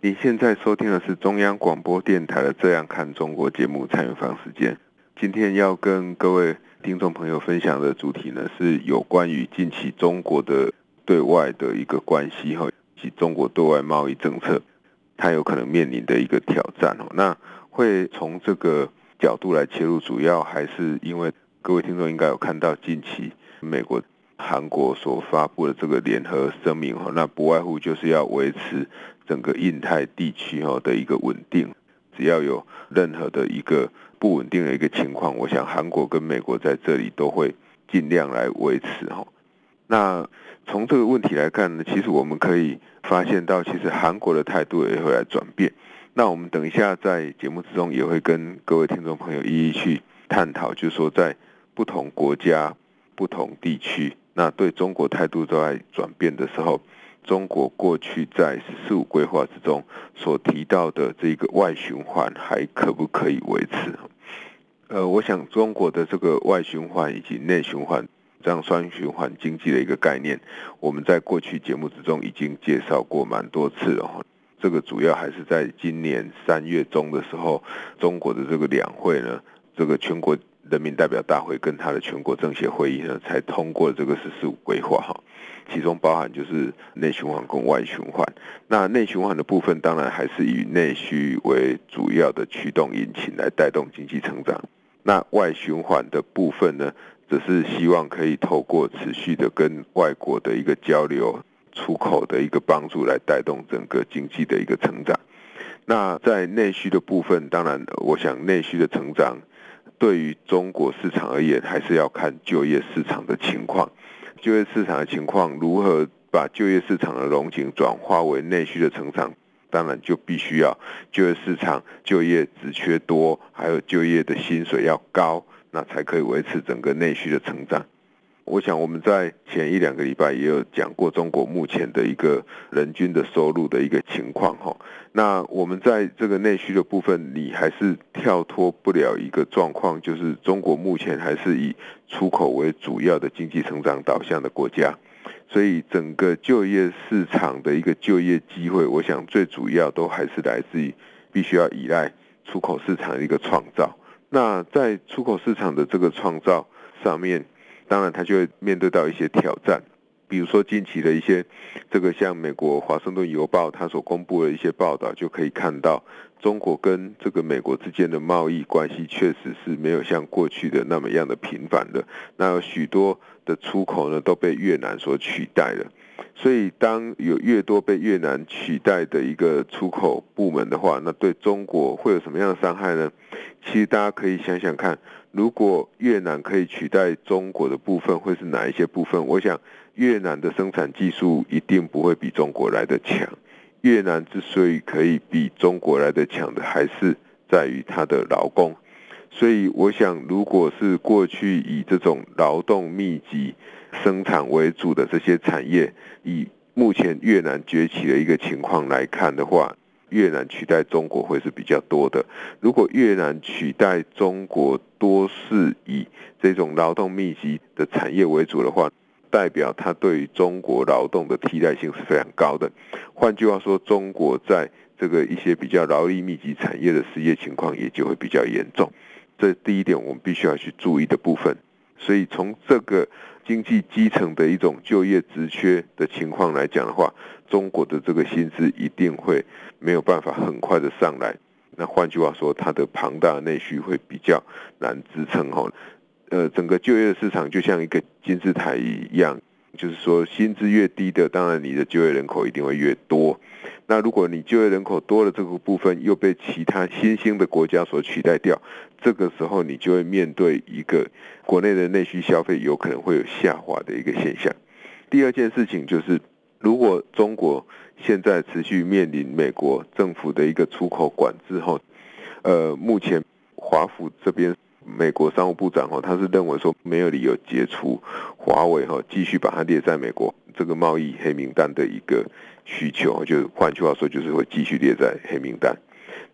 您現在收聽的是中央廣播電台的《這樣看中國》節目，蔡明芳時間。今天要跟各位聽眾朋友分享的主題呢，是有關於近期中國的對外的一個關係哦，以及中國對外貿易政策，它有可能面臨的一個挑戰。那會從這個角度來切入，主要還是因為各位聽眾應該有看到近期美國。韓國所發布的這個聯合聲明，那不外乎就是要維持整個印太地區的一個穩定。只要有任何的一個不穩定的一個情況，我想韓國跟美國在這裡都會盡量來維持。那從這個問題來看呢，其實我們可以發現到，其實韓國的態度也會來轉變。那我們等一下在節目之中也會跟各位聽眾朋友一一去探討，就是說在不同國家、不同地區。那對中國態度都在轉變的時候，中國過去在“十四五”規劃之中所提到的這個外循環還可不可以維持？呃，我想中國的這個外循環以及內循環這樣雙循環經濟的一個概念，我們在過去節目之中已經介紹過蠻多次哦。這個主要還是在今年三月中的時候，中國的這個兩會呢，這個全國。人民代表大會跟他的全國政協會議呢，才通過這個十四五規劃哈，其中包含就是內循環跟外循環。那內循環的部分，當然還是以內需為主要的驅動引擎來帶動經濟成長。那外循環的部分呢，只是希望可以透過持續的跟外國的一個交流、出口的一個幫助來帶動整個經濟的一個成長。那在內需的部分，當然，我想內需的成長。對於中國市場而言，還是要看就業市場的情況。就業市場的情況如何，把就業市場的榮景轉化為內需的成長，當然就必須要就業市場就業職缺多，還有就業的薪水要高，那才可以維持整個內需的成長。我想我們在前一兩個禮拜也有講過中國目前的一個人均的收入的一個情況哈。那我們在這個內需的部分，你還是跳脫不了一個狀況，就是中國目前還是以出口為主要的經濟成長導向的國家，所以整個就業市場的一個就業機會，我想最主要都還是來自於必須要依賴出口市場的一個創造。那在出口市場的這個創造上面。當然，他就會面對到一些挑戰，比如說近期的一些，這個像美國華盛頓郵報它所公布的一些報道，就可以看到中國跟這個美國之間的貿易關係確實是沒有像過去的那麼樣的頻繁的，那有許多的出口呢，都被越南所取代了，所以當有越多被越南取代的一個出口部門的話，那對中國會有什麼樣的傷害呢？其實大家可以想想看。如果越南可以取代中國的部分，會是哪一些部分？我想，越南的生產技術一定不會比中國來得強。越南之所以可以比中國來得強的，還是在於它的勞工。所以，我想，如果是過去以這種勞動密集生產為主的這些產業，以目前越南崛起的一個情況來看的話。越南取代中國會是比較多的。如果越南取代中國多是以這種勞動密集的產業為主的話，代表它對於中國勞動的替代性是非常高的。換句話說，中國在這個一些比較勞力密集產業的失業情況也就會比較嚴重。這第一點我們必須要去注意的部分。所以從這個。經濟基層的一種就業職缺的情況來講的話，中國的這個薪資一定會沒有辦法很快的上來。那換句話說，它的龐大的內需會比較難支撐哈。呃，整個就業市場就像一個金字塔一樣，就是說，薪資越低的，當然你的就業人口一定會越多。那如果你就業人口多了這個部分，又被其他新興的國家所取代掉，這個時候你就會面對一個國內的內需消費有可能會有下滑的一個現象。第二件事情就是，如果中國現在持續面臨美國政府的一個出口管制後，呃，目前華府這邊。美國商務部長他是認為說，沒有理由解除華為繼續把它列在美國這個貿易黑名單的一個需求，就換句話說，就是會繼續列在黑名單。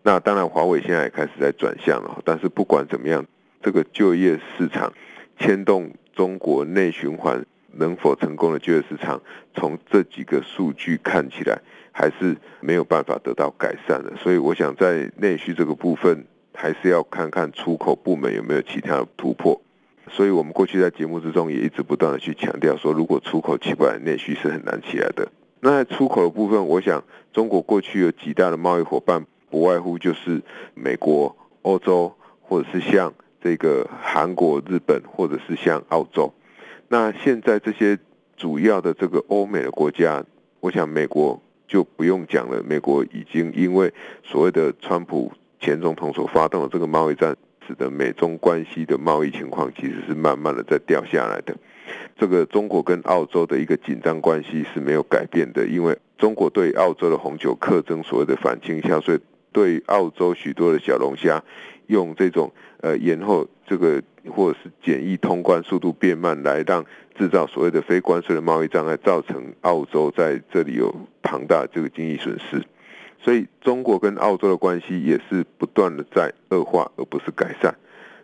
那當然，華為現在也開始在轉向了，但是不管怎麼樣，這個就業市場牽動中國內循環能否成功的就業市場，從這幾個數據看起來還是沒有辦法得到改善的。所以，我想在內需這個部分。還是要看看出口部門有沒有其他的突破，所以我們過去在節目之中也一直不斷的去強調說，如果出口起不來，內需是很難起來的。那在出口的部分，我想中國過去有幾大的貿易夥伴，不外乎就是美國、歐洲，或者是像這個韓國、日本，或者是像澳洲。那現在這些主要的這個歐美的國家，我想美國就不用講了，美國已經因為所謂的川普。前總統所發動的這個貿易戰，使得美中關係的貿易情況其實是慢慢的在掉下來的。這個中國跟澳洲的一個緊張關係是沒有改變的，因為中國對澳洲的紅酒課徵所謂的反傾銷，所以對澳洲許多的小龍蝦，用這種呃延後這個或者是簡易通關速度變慢來讓制造所謂的非關稅的貿易障礙，造成澳洲在這裡有龐大這個經濟損失。所以，中國跟澳洲的關係也是不斷的在惡化，而不是改善。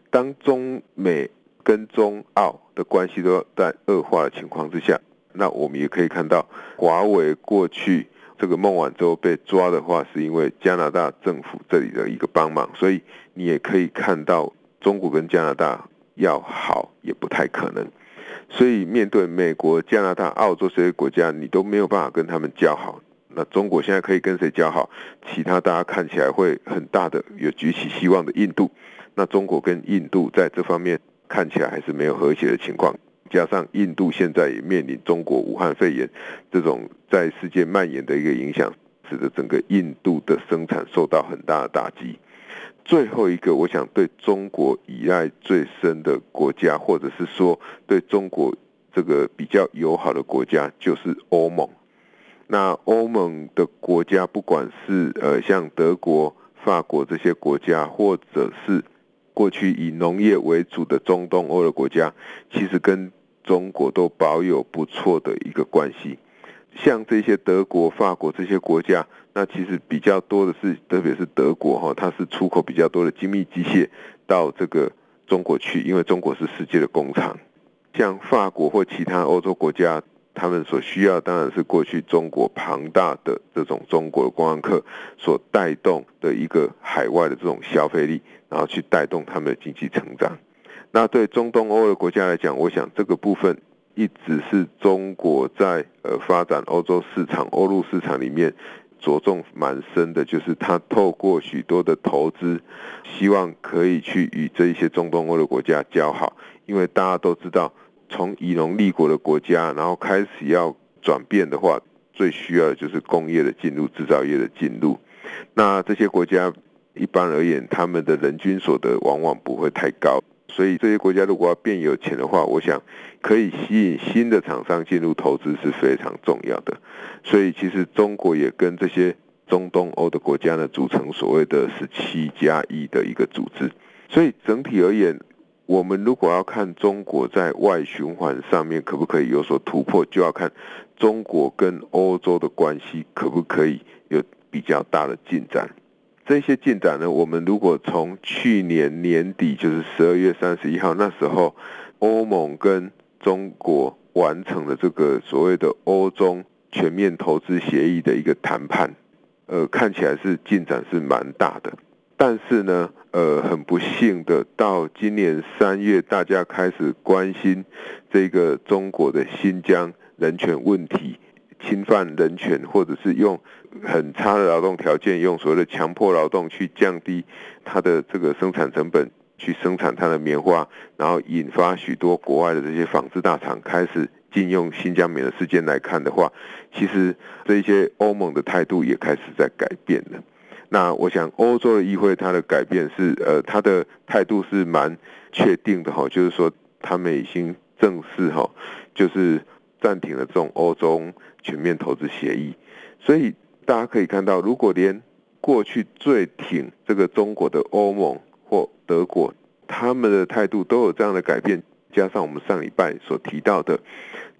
當中美跟中澳的關係都在惡化的情況之下，那我們也可以看到，華為過去這個孟晚舟被抓的話，是因為加拿大政府這裡的一個幫忙。所以，你也可以看到，中國跟加拿大要好也不太可能。所以，面對美國、加拿大、澳洲這些國家，你都沒有辦法跟他們交好。那中國現在可以跟誰交好？其他大家看起來會很大的有舉起希望的印度。那中國跟印度在這方面看起來還是沒有和諧的情況。加上印度現在也面臨中國武漢肺炎這種在世界蔓延的一個影響，使得整個印度的生產受到很大的打擊。最後一個，我想對中國依賴最深的國家，或者是說對中國這個比較友好的國家，就是歐盟。那歐盟的國家，不管是呃像德國、法國這些國家，或者是過去以農業為主的中東歐的國家，其實跟中國都保有不錯的一個關係。像這些德國、法國這些國家，那其實比較多的是，特別是德國哈，哦，它是出口比較多的精密機械到這個中國去，因為中國是世界的工廠。像法國或其他歐洲國家。他們所需要，當然是過去中國龐大的這種中國的觀光客，所帶動的一個海外的這種消費力，然後去帶動他們的經濟成長。那對中東歐的國家來講，我想這個部分一直是中國在呃發展歐洲市場、歐陸市場裡面着重蠻深的，就是他透過許多的投資，希望可以去與這一些中東歐的國家交好，因為大家都知道。從以農立國的國家，然後開始要轉變的話，最需要的就是工業的進入、製造業的進入。那這些國家一般而言，他們的人均所得往往不會太高，所以這些國家如果要變有錢的話，我想可以吸引新的廠商進入投資是非常重要的。所以其實中國也跟這些中東歐的國家呢，組成所謂的十七加一的一個組織，所以整體而言。我們如果要看中國在外循環上面可不可以有所突破，就要看中國跟歐洲的關係可不可以有比較大的進展。這些進展呢，我們如果從去年年底，就是十二月三十一號那時候，歐盟跟中國完成了這個所謂的歐中全面投資協議的一個談判，呃，看起來是進展是蠻大的。但是呢，呃，很不幸的，到今年三月，大家開始關心這個中國的新疆人權問題，侵犯人權，或者是用很差的勞動條件，用所謂的強迫勞動去降低它的這個生產成本，去生產它的棉花，然後引發許多國外的這些紡織大廠開始禁用新疆棉的事件來看的話，其實這一些歐盟的態度也開始在改變了。那我想，歐洲的議會它的改變是，呃，它的態度是蠻確定的哈，就是說，他們已經正式哈，就是暫停了這種歐洲全面投資協議。所以大家可以看到，如果連過去最挺這個中國的歐盟或德國，他們的態度都有這樣的改變，加上我們上禮拜所提到的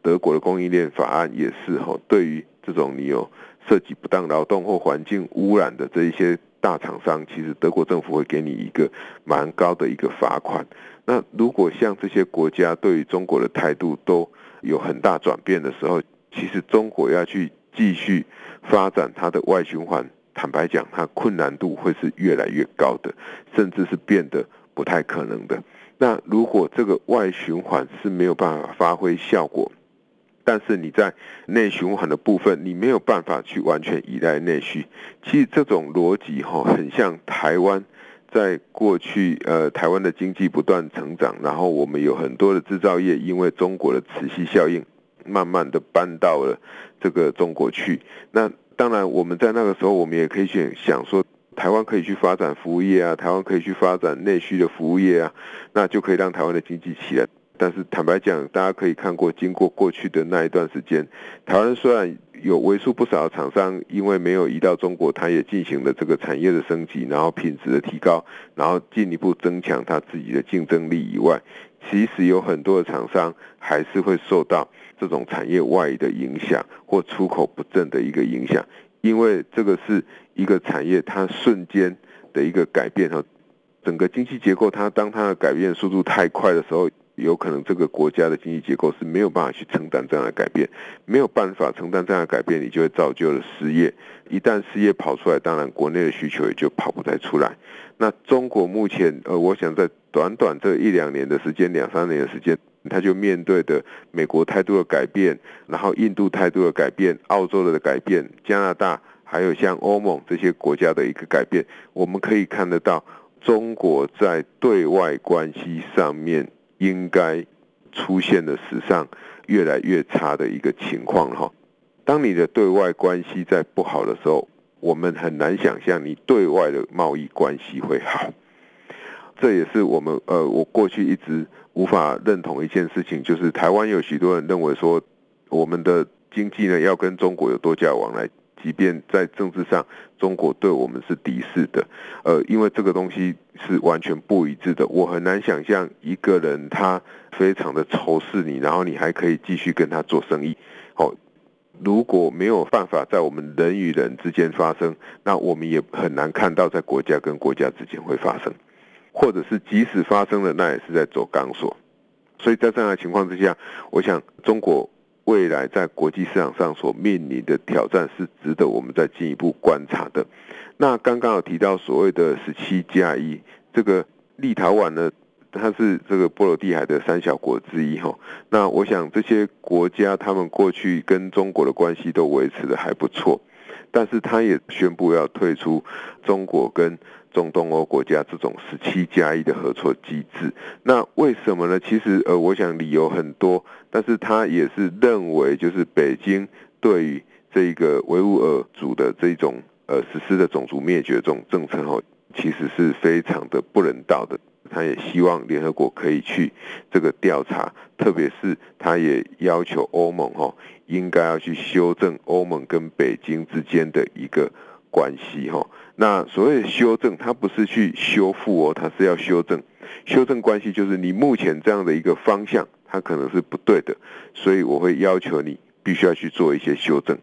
德國的供應鏈法案也是哈，對於這種你有。涉及不當勞動或環境污染的這一些大廠商，其實德國政府會給你一個蠻高的一個罰款。那如果像這些國家對於中國的態度都有很大轉變的時候，其實中國要去繼續發展它的外循環，坦白講，它困難度會是越來越高的，甚至是變得不太可能的。那如果這個外循環是沒有辦法發揮效果，但是你在內循環的部分，你沒有辦法去完全依賴內需。其實這種邏輯哈，很像台灣，在過去呃，台灣的經濟不斷成長，然後我們有很多的制造業，因為中國的磁吸效應，慢慢的搬到了這個中國去。那當然，我們在那個時候，我們也可以去想說，台灣可以去發展服務業啊，台灣可以去發展內需的服務業啊，那就可以讓台灣的經濟起來。但是，坦白講，大家可以看過，經過過去的那一段時間，台灣雖然有為數不少的廠商，因為沒有移到中國，它也進行了這個產業的升級，然後品質的提高，然後進一步增強它自己的競爭力以外，其實有很多的廠商還是會受到這種產業外移的影響或出口不振的一個影響，因為這個是一個產業它瞬間的一個改變和整個經濟結構，它當它的改變速度太快的時候。有可能這個國家的經濟結構是沒有辦法去承擔這樣的改變，沒有辦法承擔這樣的改變，你就會造就了失業。一旦失業跑出來，當然國內的需求也就跑不太出來。那中國目前，呃，我想在短短這一兩年的時間、兩三年的時間，它就面對的美國態度的改變，然後印度態度的改變、澳洲的改變、加拿大，還有像歐盟這些國家的一個改變，我們可以看得到，中國在對外關係上面，應該出現的史上越來越差的一個情況哈。當你的對外關係在不好的時候，我們很難想象你對外的貿易關係會好。這也是我們呃，我過去一直無法認同一件事情，就是台灣有許多人認為說，我們的經濟呢要跟中國有多價往來。即便在政治上，中國對我們是敵視的，呃，因為這個東西是完全不一致的。我很難想象一個人他非常的仇視你，然後你還可以繼續跟他做生意。哦，如果沒有辦法在我們人與人之間發生，那我們也很難看到在國家跟國家之間會發生，或者是即使發生了，那也是在走鋼索。所以在這樣的情況之下，我想中國。未來在國際市場上所面臨的挑戰是值得我們再進一步觀察的。那剛剛有提到所謂的17 “十七加一”，這個立陶宛呢，它是這個波羅的海的三小國之一哦。那我想這些國家他們過去跟中國的關係都維持得還不錯。但是他也宣布要退出中國跟中東歐國家這種十七加一的合作機制。那為什麼呢？其實呃，我想理由很多。但是他也是認為，就是北京對於這個維吾爾族的這種呃實施的種族滅絕這種政策哦、呃，其實是非常的不人道的。他也希望聯合國可以去這個調查，特別是他也要求歐盟哦，應該要去修正歐盟跟北京之間的一個關係哦。那所謂的修正，它不是去修復哦，它是要修正。修正關係就是你目前這樣的一個方向，它可能是不對的，所以我會要求你必須要去做一些修正。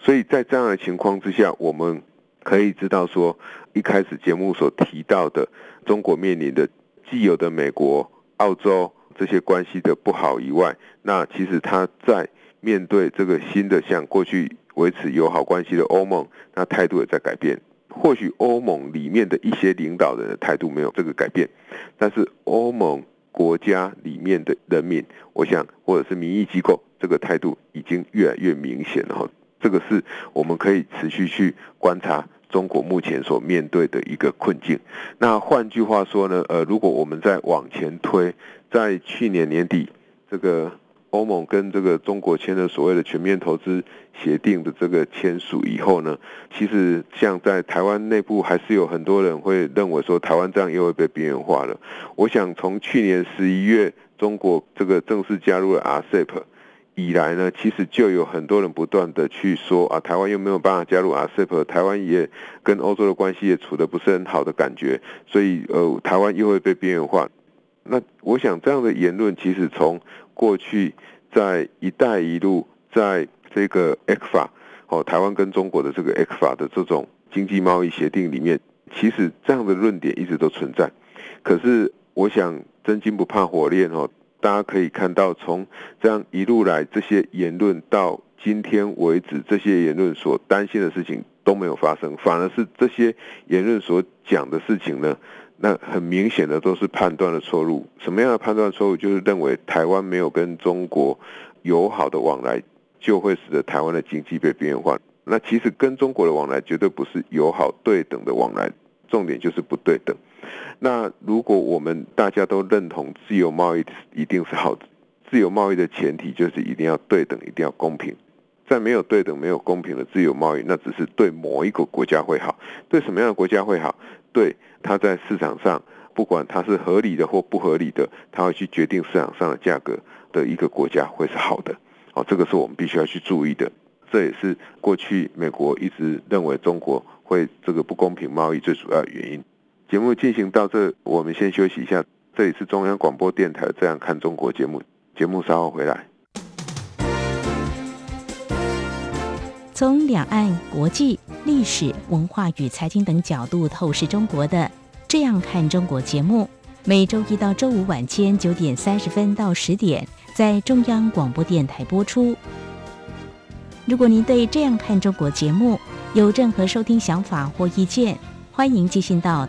所以在這樣的情況之下，我們可以知道說，一開始節目所提到的中國面臨的。既有的美國、澳洲，這些關係的不好以外，那其實他在面對這個新的，像過去維持友好關係的歐盟，那態度也在改變。或許歐盟裡面的一些領導人的態度沒有這個改變，但是歐盟國家裡面的人民，我想或者是民意機構，這個態度已經越來越明顯了。哈，這個是我們可以持續去觀察。中國目前所面對的一個困境，那換句話說呢，呃，如果我們再往前推，在去年年底，這個歐盟跟這個中國簽了所謂的全面投資協定的這個簽署以後呢，其實像在台灣內部，還是有很多人會認為說，台灣這樣又會被邊緣化了。我想從去年十一月，中國這個正式加入了 RCEP。以來呢，其實就有很多人不斷的去說啊，台灣又沒有辦法加入 RCEP，台灣也跟歐洲的關係也處得不是很好的感覺，所以呃，台灣又會被邊緣化。那我想這樣的言論其實從過去在“一帶一路”在這個 E C F A 哦，台灣跟中國的這個 E C F A 的這種經濟貿易協定裡面，其實這樣的論點一直都存在。可是我想真金不怕火煉哦。大家可以看到，從這樣一路來這些言論到今天為止，這些言論所擔心的事情都沒有發生，反而是這些言論所講的事情呢，那很明顯的都是判斷的錯誤。什麼樣的判斷錯誤？就是認為台灣沒有跟中國友好的往來，就會使得台灣的經濟被變換。那其實跟中國的往來絕對不是友好對等的往來，重點就是不對等。那如果我們大家都認同自由貿易一定是好的，自由貿易的前提就是一定要對等，一定要公平。在沒有對等、沒有公平的自由貿易，那只是對某一個國家會好。對什麼樣的國家會好？對它在市場上，不管它是合理的或不合理的，它會去決定市場上的價格的一個國家會是好的。哦，這個是我們必須要去注意的。這也是過去美國一直認為中國會這個不公平貿易最主要的原因。節目進行到這，我們先休息一下。這裡是中央廣播電台《這樣看中國》節目，節目稍後回來。從兩岸、國際、歷史、文化與財經等角度透視中國的《這樣看中國》節目，每週一到週五晚間九點三十分到十點在中央廣播電台播出。如果您對《這樣看中國》節目有任何收聽想法或意見，歡迎寄信到，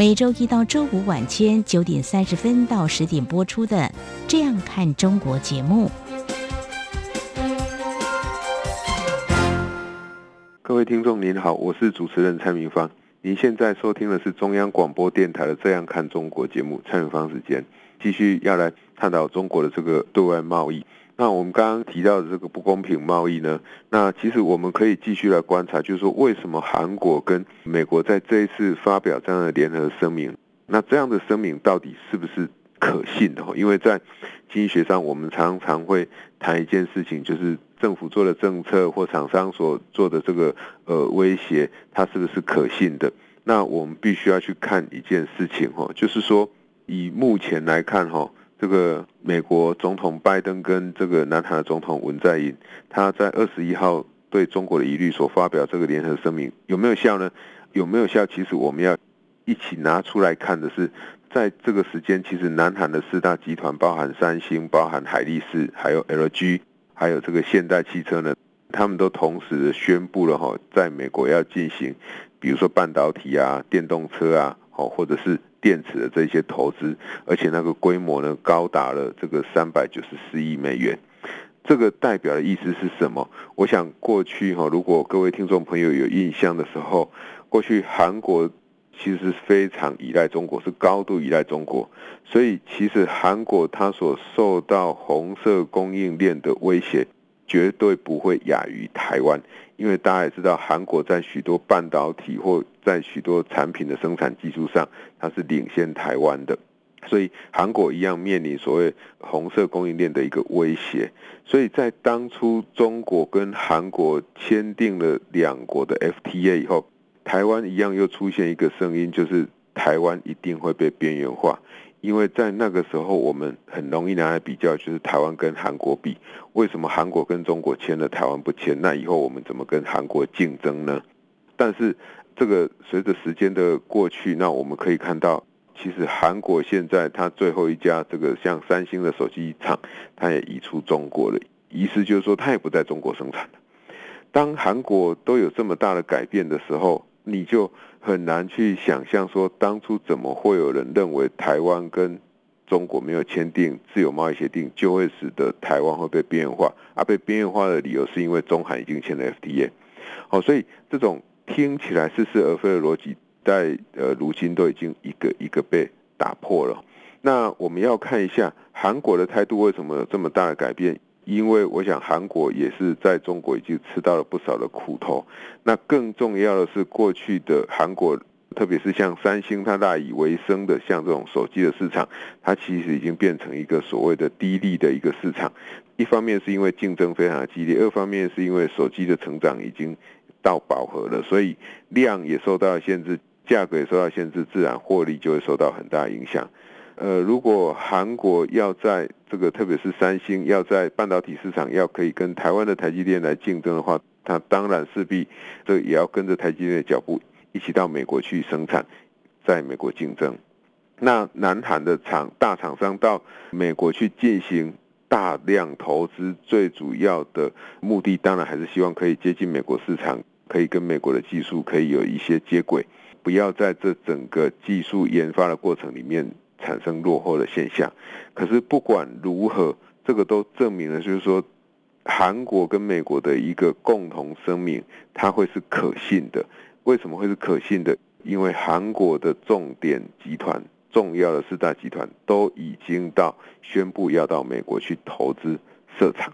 每週一到週五晚間九點三十分到十點播出的《這樣看中國》節目。各位聽眾您好，我是主持人蔡明芳。您現在收聽的是中央廣播電台的《這樣看中國》節目，蔡明芳時間繼續要來探討中國的這個對外貿易。那我們剛剛提到的這個不公平貿易呢？那其實我們可以繼續來觀察，就是說為什麼韓國跟美國在這一次發表這樣的聯合聲明？那這樣的聲明到底是不是可信的？因為在經濟學上，我們常常會談一件事情，就是政府做的政策或廠商所做的這個呃威脅，它是不是可信的？那我們必須要去看一件事情，哈，就是說以目前來看，哈。這個美國總統拜登跟這個南韓的總統文在寅，他在二十一號對中國的疑慮所發表這個聯合聲明有沒有效呢？有沒有效？其實我們要一起拿出來看的是，在這個時間，其實南韓的四大集團，包含三星、包含海力士、還有 LG，還有這個現代汽車呢，他們都同時宣布了哈，在美國要進行，比如說半導體啊、電動車啊，哦，或者是。電池的這些投資，而且那個規模呢，高達了這個三百九十四億美元。這個代表的意思是什麼？我想過去哈，如果各位聽眾朋友有印象的時候，過去韓國其實非常依賴中國，是高度依賴中國，所以其實韓國它所受到紅色供應鏈的威脅，絕對不會亞於台灣。因為大家也知道，韓國在許多半導體或在許多產品的生產技術上，它是領先台灣的，所以韓國一樣面臨所謂紅色供應鏈的一個威脅。所以在當初中國跟韓國簽訂了兩國的 FTA 以後，台灣一樣又出現一個聲音，就是台灣一定會被邊緣化。因為在那個時候，我們很容易拿來比較，就是台灣跟韓國比，為什麼韓國跟中國簽了，台灣不簽？那以後我們怎麼跟韓國競爭呢？但是這個隨着時間的過去，那我們可以看到，其實韓國現在它最後一家這個像三星的手機廠，它也移出中國了，意思就是說它也不在中國生產了。當韓國都有這麼大的改變的時候，你就很難去想象說，當初怎麼會有人認為台灣跟中國沒有簽訂自由貿易協定，就會使得台灣會被邊緣化？而、啊、被邊緣化的理由是因為中韓已經簽了 FTA 好，所以這種聽起來似是而非的邏輯，在呃如今都已經一個一個被打破了。那我們要看一下韓國的態度為什麼有這麼大的改變？因為我想，韓國也是在中國已經吃到了不少的苦頭。那更重要的是，過去的韓國，特別是像三星，它賴以為生的像這種手機的市場，它其實已經變成一個所謂的低利的一個市場。一方面是因為競爭非常激烈，二方面是因為手機的成長已經到飽和了，所以量也受到了限制，價格也受到限制，自然獲利就會受到很大影響。呃，如果韓國要在這個，特別是三星要在半導體市場要可以跟台灣的台積電來競爭的話，它當然勢必這也要跟着台積電的腳步一起到美國去生產，在美國競爭。那南韓的廠大廠商到美國去進行大量投資，最主要的目的當然還是希望可以接近美國市場，可以跟美國的技術可以有一些接軌，不要在這整個技術研發的過程裡面。產生落後的現象，可是不管如何，這個都證明了，就是說，韓國跟美國的一個共同聲明，它會是可信的。為什麼會是可信的？因為韓國的重點集團、重要的四大集團都已經到宣布要到美國去投資設廠。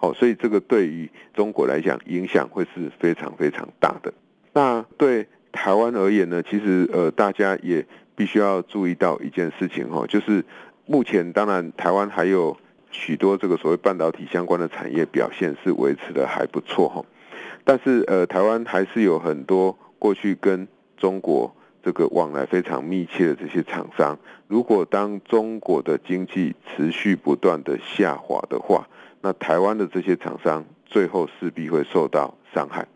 好，哦，所以這個對於中國來講，影響會是非常非常大的。那對。台灣而言呢，其實呃，大家也必須要注意到一件事情哈，就是目前當然台灣還有許多這個所謂半導體相關的產業表現是維持的還不錯，但是呃，台灣還是有很多過去跟中國這個往來非常密切的這些廠商，如果當中國的經濟持續不斷的下滑的話，那台灣的這些廠商最後勢必會受到傷害。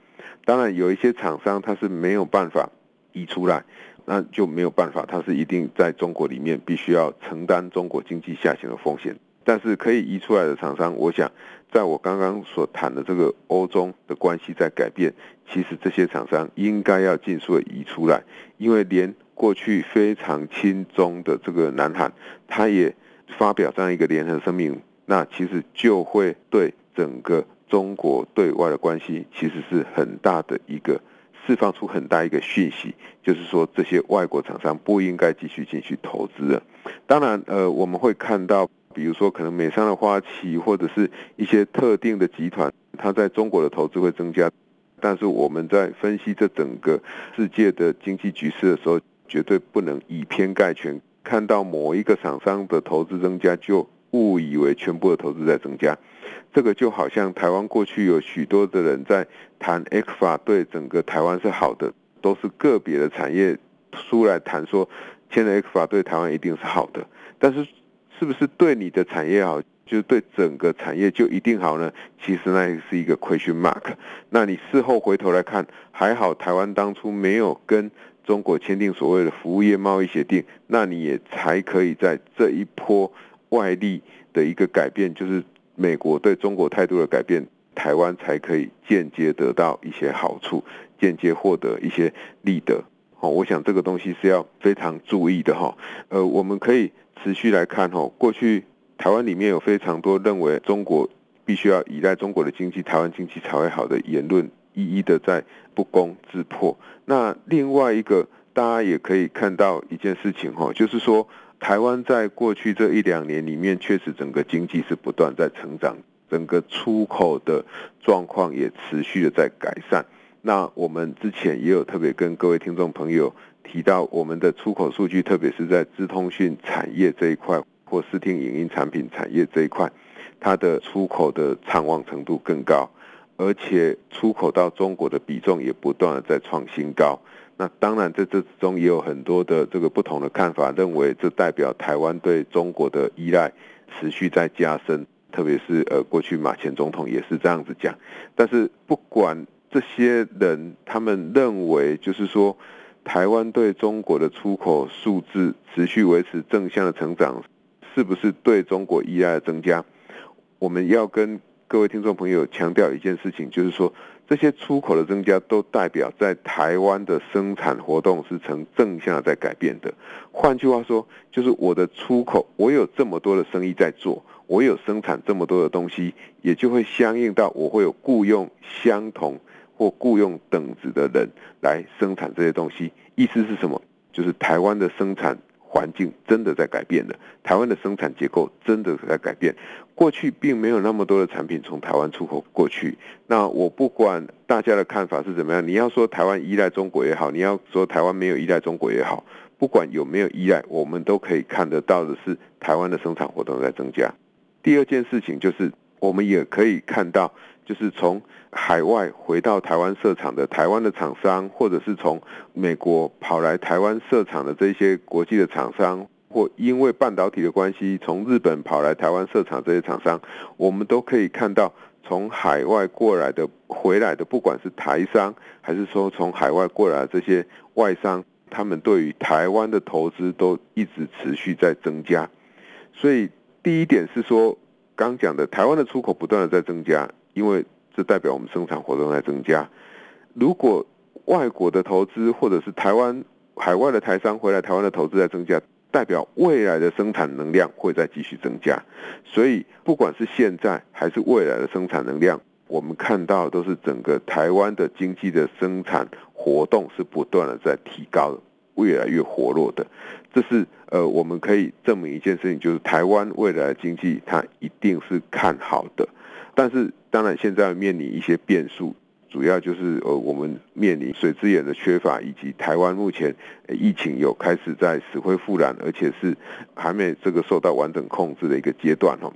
當然，有一些廠商它是沒有辦法移出來，那就沒有辦法，它是一定在中國裡面必須要承擔中國經濟下行的風險。但是可以移出來的廠商，我想，在我剛剛所談的這個歐中的關係在改變，其實這些廠商應該要盡速移出來，因為連過去非常親中的這個南韓，他也發表這樣一個聯合聲明，那其實就會對整個。中國對外的關係其實是很大的一個釋放出很大一個訊息，就是說這些外國廠商不應該繼續進去投資了。當然，呃，我們會看到，比如說可能美商的花旗或者是一些特定的集團，它在中國的投資會增加。但是我們在分析這整個世界的經濟局勢的時候，絕對不能以偏概全，看到某一個廠商的投資增加，就誤以為全部的投資在增加。這個就好像台灣過去有許多的人在談 ECFA，對整個台灣是好的，都是個別的產業出來談說簽了 ECFA 對台灣一定是好的，但是是不是對你的產業好，就對整個產業就一定好呢？其實那是一個 question mark。那你事後回頭來看，還好台灣當初沒有跟中國簽訂所謂的服務業貿易協定，那你也才可以在這一波外力的一個改變就是。美國對中國態度的改變，台灣才可以間接得到一些好處，間接獲得一些利得。哦，我想這個東西是要非常注意的哈。呃，我們可以持續來看哈，過去台灣裡面有非常多認為中國必須要依賴中國的經濟，台灣經濟才會好的言論，一一的在不攻自破。那另外一個大家也可以看到一件事情哈，就是說，台灣在過去這一兩年裡面，確實整個經濟是不斷在成長，整個出口的狀況也持續的在改善。那我們之前也有特別跟各位聽眾朋友提到，我們的出口數據，特別是在資通訊產業這一塊，或視聽影音產品產業這一塊，它的出口的暢旺程度更高，而且出口到中國的比重也不斷的在創新高。那當然，在這之中也有很多的這個不同的看法，認為這代表台灣對中國的依賴持續在加深，特別是呃，過去馬前總統也是這樣子講。但是不管這些人他們認為，就是說台灣對中國的出口數字持續維持正向的成長，是不是對中國依賴的增加？我們要跟各位聽眾朋友強調一件事情，就是說。這些出口的增加，都代表在台灣的生產活動是呈正向在改變的。換句話說，就是我的出口，我有這麼多的生意在做，我有生產這麼多的東西，也就會相應到我會有雇傭相同或雇傭等值的人來生產這些東西。意思是什麼？就是台灣的生產。環境真的在改變了，台灣的生產結構真的在改變。過去並沒有那麼多的產品從台灣出口過去，那我不管大家的看法是怎麼樣，你要說台灣依賴中國也好，你要說台灣沒有依賴中國也好，不管有沒有依賴，我們都可以看得到的是台灣的生產活動在增加。第二件事情就是。我們也可以看到，就是從海外回到台灣設廠的台灣的廠商，或者是從美國跑來台灣設廠的這些國際的廠商，或因為半導體的關係從日本跑來台灣設廠這些廠商，我們都可以看到，從海外過來的、回來的，不管是台商還是說從海外過來的這些外商，他們對於台灣的投資都一直持續在增加。所以第一點是說。剛講的，台灣的出口不斷的在增加，因為這代表我們生產活動在增加。如果外國的投資或者是台灣海外的台商回來，台灣的投資在增加，代表未來的生產能量會再繼續增加。所以，不管是現在還是未來的生產能量，我們看到都是整個台灣的經濟的生產活動是不斷的在提高的。越來越活絡的，這是呃我們可以證明一件事情，就是台灣未來經濟它一定是看好的，但是當然現在面臨一些變數，主要就是呃我們面臨水資源的缺乏，以及台灣目前、呃、疫情有開始在死灰復燃，而且是還沒這個受到完整控制的一個階段哈，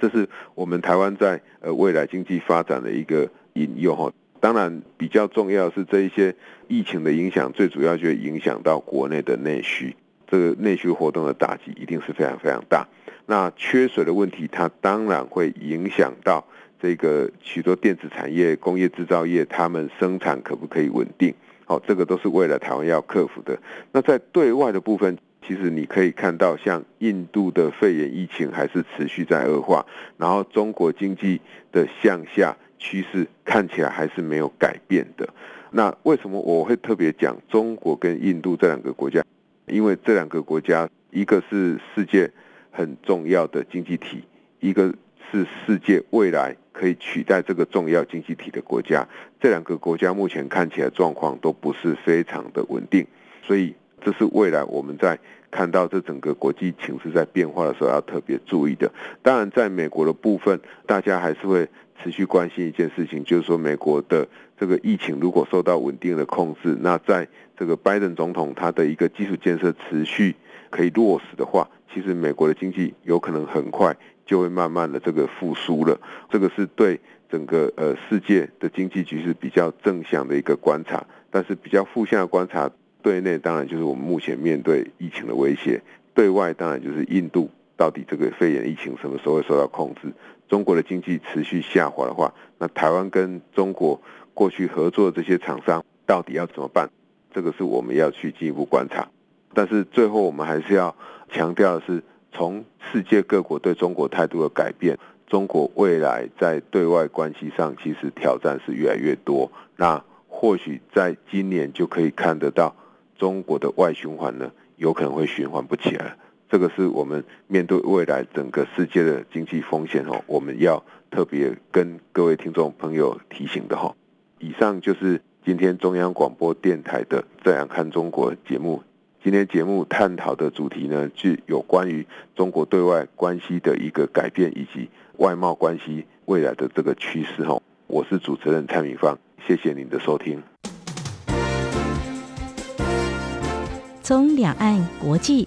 這是我們台灣在呃未來經濟發展的一個隱憂哈。當然，比較重要的是這一些疫情的影響，最主要就會影響到國內的內需，這個內需活動的打擊一定是非常非常大。那缺水的問題，它當然會影響到這個許多電子產業、工業製造業，他們生產可不可以穩定？好、哦，這個都是為了台灣要克服的。那在對外的部分，其實你可以看到，像印度的肺炎疫情還是持續在惡化，然後中國經濟的向下。趨勢看起來還是沒有改變的。那為什麼我會特別講中國跟印度這兩個國家？因為這兩個國家，一個是世界很重要的經濟體，一個是世界未來可以取代這個重要經濟體的國家。這兩個國家目前看起來狀況都不是非常的穩定，所以這是未來我們在看到這整個國際情勢在變化的時候要特別注意的。當然，在美國的部分，大家還是會。持續關心一件事情，就是說美國的這個疫情如果受到穩定的控制，那在這個拜登總統他的一個基礎建設持續可以落實的話，其實美國的經濟有可能很快就會慢慢的這個復甦了。這個是對整個呃世界的經濟局勢比較正向的一個觀察，但是比較負向的觀察，對內當然就是我們目前面對疫情的威脅，對外當然就是印度，到底這個肺炎疫情什麼時候會受到控制？中國的經濟持續下滑的話，那台灣跟中國過去合作的這些廠商到底要怎麼辦？這個是我們要去進一步觀察。但是最後我們還是要強調的是，從世界各國對中國態度的改變，中國未來在對外關係上其實挑戰是越來越多。那或許在今年就可以看得到中國的外循環呢，有可能會循環不起來。這個是我們面對未來整個世界的經濟風險哦，我們要特別跟各位聽眾朋友提醒的哈。以上就是今天中央廣播電臺的《這樣看中國》節目。今天節目探討的主題呢，是有關於中國對外關係的一個改變，以及外貿關係未來的這個趨勢。我是主持人蔡明芳，謝謝您的收聽。從兩岸國際。